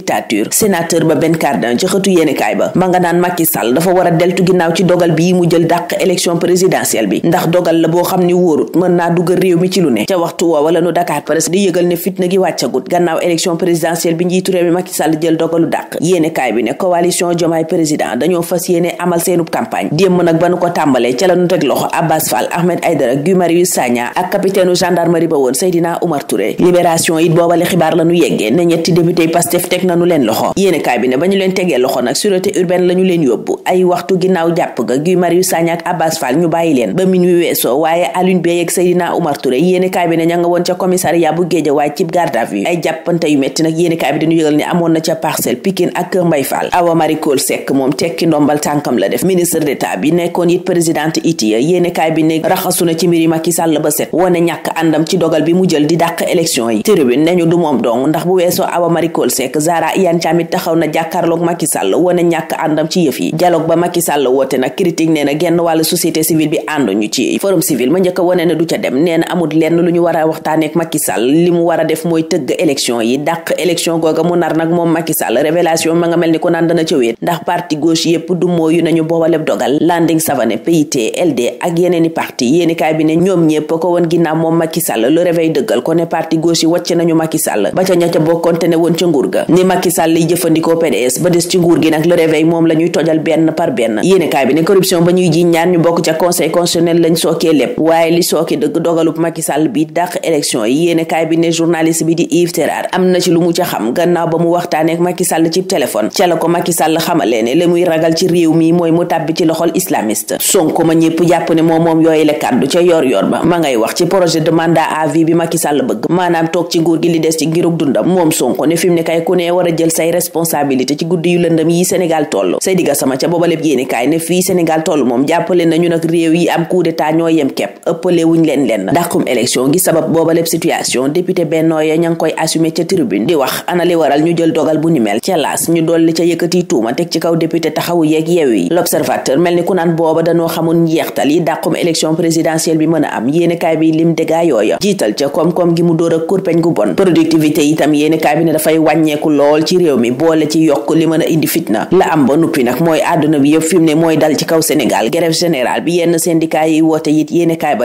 dictature sénateur ba Ben Cardin ci xëtu yéenekaay ba ma nga naan Macky Sall dafa war a deltu ginnaaw ci dogal bi mu jël dàq élection présidentielle bi ndax dogal la boo xam ni wóorut mën naa dugal réew mi ci lu ne ca waxtu woo wala nu Dakar Presse di yëgal ne fitna gi wàccagut gannaaw élection présidentielle bi njiitu réew mi Macky Sall jël dogalu dàq yéenekaay bi ne coalition Diomaye président dañoo fas yéene amal seenub campagne démb nag ba nu ko nanu leen loxo yéenekaay bi ne ba ñu leen tegee loxo nag sûreté urbaine la ñu leen yóbbu ay waxtu ginnaaw jàpp garde à vue ay jàppante yu metti nag yéenekaay bi ne amoon na ca Parcelles Pikine ak Kër Mbaye Awa Marie Coll moom tekki ndombal tànkam la def ministre d'état bi nekkoon it présidente yéenekaay bi ne raxasu na ci mbiri Macky Sall ba set wone ñàkk àndam ci dogal bi mu jël di dàq élection yi tribune nañu du moom dong ndax bu weesoo Zahra Iyane Thiam it taxaw na jàkkaarloog Macky Sall wane ñàkk àndam ci yëf yi dialogue lu ñu war a li mu war a def mooy tëgg yi dàq élection googa mu nar nag moom Macky Sall révélation ma ni ko naan dana ca wéet ndax parti gauche yépp du mooyu bi ne ñoom ñépp ko woon ginnaaw moom Macky dëggal ko ne parti gauche yi wàcc nañu Macky Sall ba ca ña ca bokkoonte ne woon ca nguur ga Macky Sall lay jëfandikoo PDS ba des ci nguur gi nag le réveil moom la ñuy tojal benn par benn yéenekaay bi ne corruption ba ñuy ji ñaar ñu bokk ca conseil constitutionnel lañ sookee lépp waaye li sooke dëgg dogalub Macky Sall bi dàq élection yi yéenekaay bi ne journaliste bi di Yves am na ci lu mu ca xam gannaaw ba mu waxtaanee ak Sall ci téléphone ca la ko Macky Sall xamalee ne li muy ragal ci réew mi mooy mu tàbbi ci loxol islamiste sonk ma ñépp jàpp ne moom moom yooyu la kàddu ca yor yor ba ma ngay wax ci projet de mandat à vie bi Macky Sall bëgg maanaam toog ci nguur gi li des ci ngirug dundam ñee war a jël say responsabilité ci guddi yu lëndëm yi Sénégal toll Seydi Gassama ca ca booba dañoo xamul njeextal bi mën a am yéenekaay jiital ca koom-koom gi mu dóor kurpeñ gu bon productivité itam yéenekaay bi ne dafay wàññeeku lool ci réew mi boole ci yokk li mën a indi fitna la am ba nuppi nag mooy àdduna bi yëpp fi mu ne mooy dal ci kaw Sénégal grève générale bi yenn syndicat yi woote it yéene kaay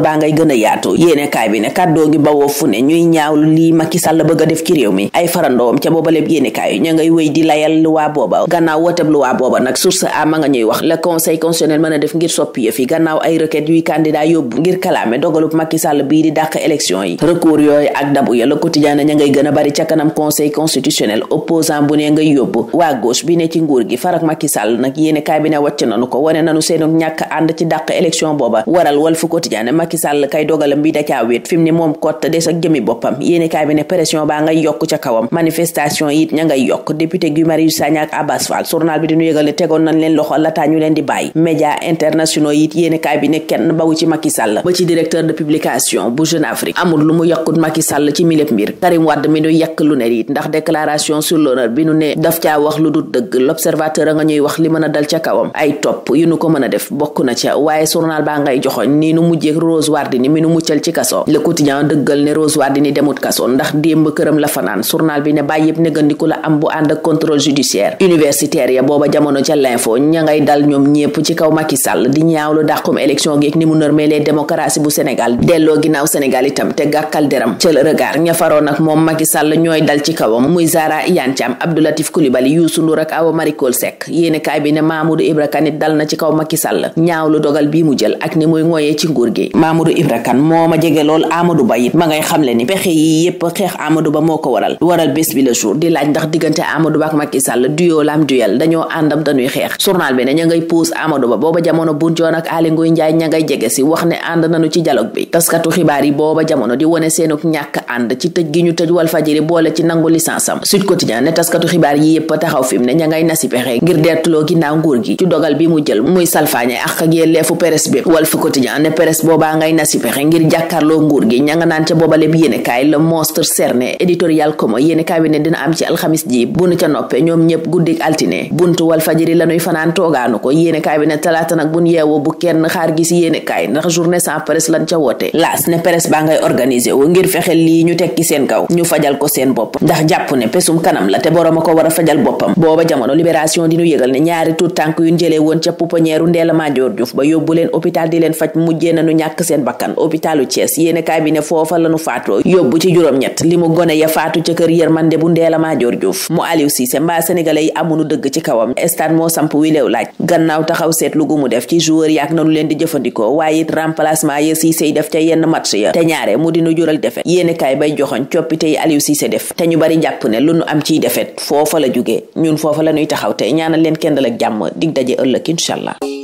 a yaatu yéene kaay bi ne kàddoo ngi bawoo fu ne ñuy ñaawlu lii Macky Sall bëgg a def ci réew mi ay farandoom ca boobaleb yéene kaay yi ña ngay di layal luwaa booba gannaaw wooteb luwaa booba nag source a ma nga ñuy wax le conseil constitutionnel mën a def ngir soppi yëf yi gannaaw ay requête yuy candidat yóbbu élection yi recours yooyu ak dabu ya le quotidien ña bari ca kanam conseil constitutionnel opposant bu ne ngay yóbbu waa gauche bi ne ci nguur gi farak Macky Sall nag yéene kaay ne wàcc da ca kawam manifestation it ña yokk député Guy Marius Sagna Abbas Fall journal bi diñu yëgal ne tegoon nañ leen loxo lataa ñu leen di bàyyi média internationaux it yéene kaay ne kenn bawu ci Macky Sall ba ci directeur de publication bu jeune l'Afrique amul lu mu yàqut Macky Sall ci milép mbir Karim Wade mi nu yàq lu ne it ndax déclaration sur l'honneur bi nu ne daf caa wax lu du dëgg l'observateur a nga ñuy wax li mën a dal ca kawam ay topp yu nu ko mën a def bokk na ci kaso la fanaan journal bi ne bàyyib négandiku la am bu ànd ak contrôle judiciaire universitaire ya booba jamono ca l'info ña ngay dal ñoom ñépp ci kaw Macky Sall bu Sénégal delloo ginnaaw Sénégal Sénégal itam te gàkkal deram ca regard ña ak moom Macky Sall ñooy dal ci kawam muy Zahra Iyane Thiam Abdoulatif Coulibaly Youssou Ndour ak Awa Marie Coll Seck yéene bi ne Mamadou Ibra Kane dal na ci kaw Macky Sall ñaaw dogal bii mu jël ak ni muy ngooyee ci nguur gi Mamadou Ibra Kane moo ma jege lool Amadou Ba it ma ngay xamle ni pexe yi yépp xeex Amadou Ba moo ko waral waral bés bi le jour di laaj ndax diggante Amadou Ba ak Macky Sall duyoo laam duyal dañoo àndam dañuy xeex journal bi booba jamono ngay nasi pexe ngir deetuloo nguur gi ci dogal bi mu jël muy salfaañe ak ne éditorial Komo yéenekaay bi ne dina am ci alxamis ji bu nu ca noppe ñoom ñëpp guddik altine buntu Walfadjri lanuy fanaan toogaanu ko yéenekaay bi ne talaata nag buñ yeewoo bu kenn xaar gi si yéenekaay ndax journée sans presse lan ca woote laas ne presse ba laata ngay organiser wu ngir fexe lii ñu tekki seen kaw ñu fajal ko seen bopp ndax jàpp ne pesum kanam la te boroom a ko war a fajal boppam booba jamono libération di ñu yëgal ne ñaari tuut tànk yu jëlee woon ca pouponnière Ndella Madior Diouf ba yóbbu leen hôpital di leen faj mujjee nañu ñàkk seen bakkan hôpitalu Thiès yéene bi ne foofa lañu faatoo yóbbu ci juróom-ñett li mu gone ya faatu ca kër yërmande bu Ndella Madior Diouf mu Aliou Cissé mbaa sénégalais yi amunu dëgg ci kawam stade moo samp wi laaj gannaaw taxaw seetlu gu mu def ci joueur yaak nanu leen di jëfandikoo waaye it remplacement ya Cissé ñaare mu dinu jural defet yéene kaay bay joxoñ coppite yi Aliou Cissé def te ñu bari jàpp ne lu nu am ciy defet foofa la jóge ñun foofa la nuy taxaw te ñaanal leen kenn dal ak jàmm dig daje ëllëg incha allah